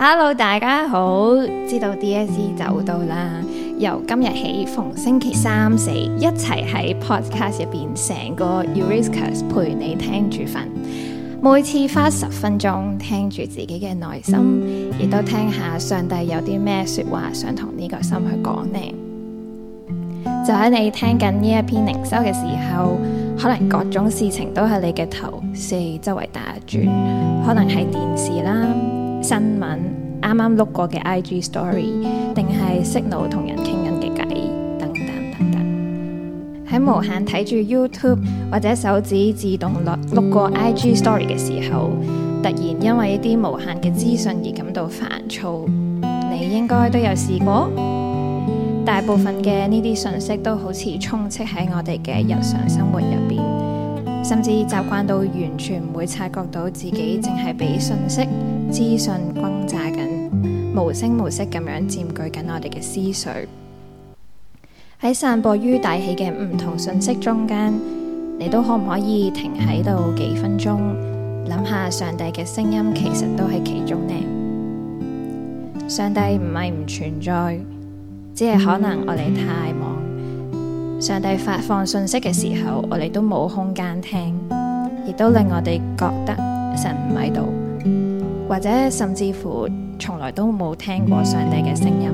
Hello，大家好，知道 DSE 走到啦。由今日起，逢星期三四一齊喺 Podcast 入邊，成個 Eureka 陪你聽住瞓。每次花十分鐘聽住自己嘅內心，亦都聽下上帝有啲咩說話，想同呢個心去講呢？就喺你聽緊呢一篇靈修嘅時候，可能各種事情都喺你嘅頭四周圍打轉，可能係電視啦。新聞、啱啱碌過嘅 I G Story，定係 Signal 同人傾緊嘅偈，等等等等。喺無限睇住 YouTube 或者手指自動碌碌過 I G Story 嘅時候，突然因為一啲無限嘅資訊而感到煩躁，你應該都有試過。大部分嘅呢啲信息都好似充斥喺我哋嘅日常生活入邊，甚至習慣到完全唔會察覺到自己淨係俾信息資訊轟炸緊，無聲無息咁樣佔據緊我哋嘅思緒。喺 散播於大氣嘅唔同信息中間，你都可唔可以停喺度幾分鐘，諗下上帝嘅聲音其實都係其中呢？上帝唔係唔存在，只係可能我哋太忙。上帝發放信息嘅時候，我哋都冇空間聽，亦都令我哋覺得神唔喺度。或者甚至乎從來都冇聽過上帝嘅聲音，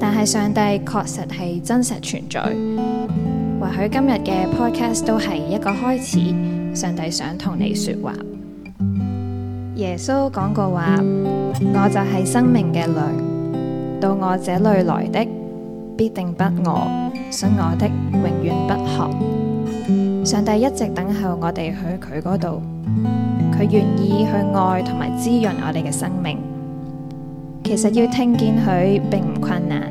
但係上帝確實係真實存在。或許今日嘅 podcast 都係一個開始，上帝想同你說話。耶穌講過話：我就係生命嘅糧，到我這裏來的必定不餓，信我的永遠不渴。上帝一直等候我哋去佢嗰度。佢願意去愛同埋滋潤我哋嘅生命，其實要聽見佢並唔困難，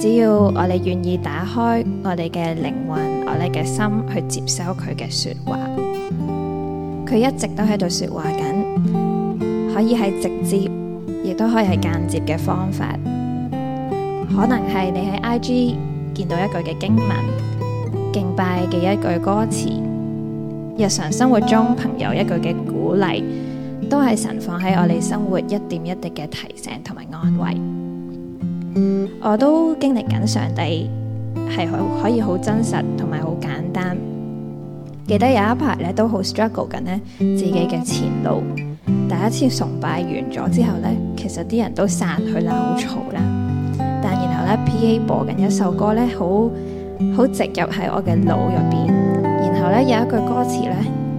只要我哋願意打開我哋嘅靈魂、我哋嘅心去接收佢嘅説話。佢一直都喺度説話緊，可以係直接，亦都可以係間接嘅方法。可能係你喺 IG 見到一句嘅經文、敬拜嘅一句歌詞、日常生活中朋友一句嘅。鼓勵都係神放喺我哋生活一點一滴嘅提醒同埋安慰。我都經歷緊上帝係可，可以好真實同埋好簡單。記得有一排咧都好 struggle 緊呢自己嘅前路。第一次崇拜完咗之後呢，其實啲人都散去啦，好嘈啦。但然後呢 PA 播緊一首歌呢，好好直入喺我嘅腦入邊。然後呢，有一句歌詞呢。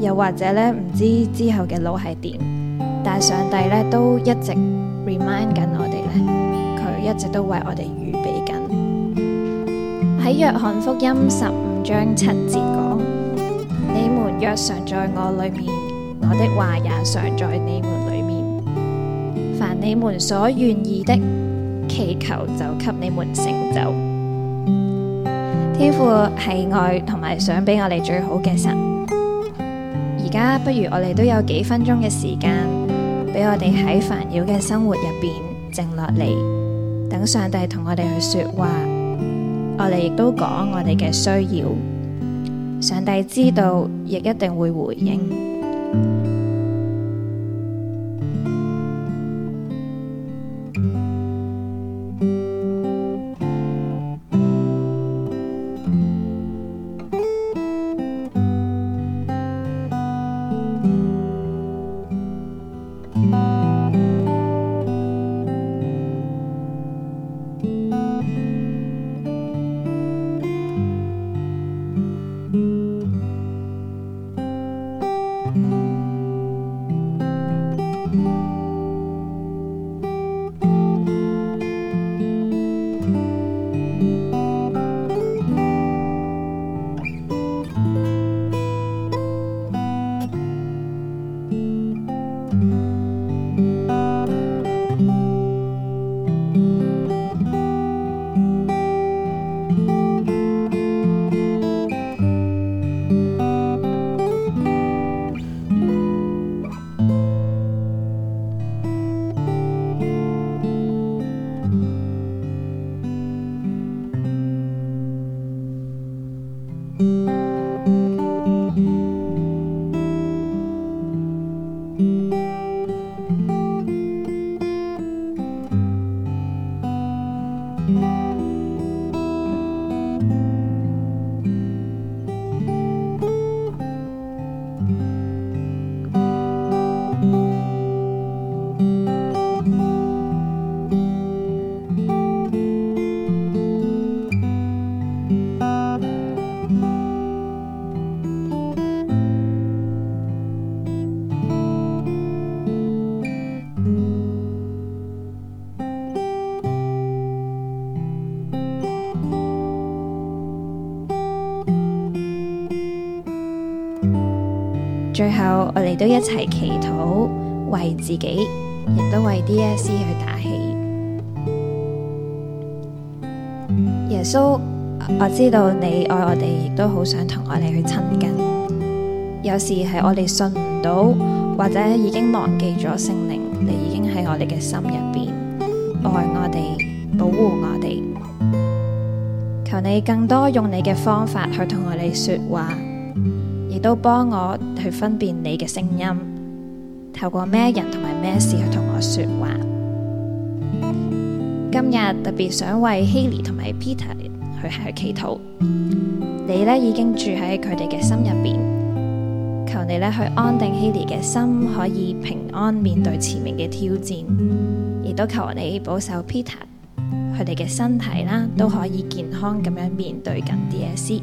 又或者咧，唔知之後嘅路係點，但上帝咧都一直 remind 緊我哋咧，佢一直都為我哋預備緊。喺約翰福音十五章七節講： 你們若常在我裏面，我的話也常在你們裏面。凡你們所願意的，祈求就給你們成就。天父係愛同埋想俾我哋最好嘅神。而家不如我哋都有幾分鐘嘅時間，俾我哋喺煩擾嘅生活入邊靜落嚟，等上帝同我哋去說話。我哋亦都講我哋嘅需要，上帝知道，亦一定會回應。最後，我哋都一齊祈禱，為自己亦都為 DSC 去打氣。耶穌，我知道你愛我哋，亦都好想同我哋去親近。有時係我哋信唔到，或者已經忘記咗聖靈，你已經喺我哋嘅心入邊愛我哋，保護我哋。求你更多用你嘅方法去同我哋說話。都幫我去分辨你嘅聲音，透過咩人同埋咩事去同我說話。今日特別想為 Hilly 同埋 Peter 去去祈禱，你呢已經住喺佢哋嘅心入邊，求你呢去安定 Hilly 嘅心，可以平安面對前面嘅挑戰，亦都求你保守 Peter 佢哋嘅身體啦，都可以健康咁樣面對緊 DSC。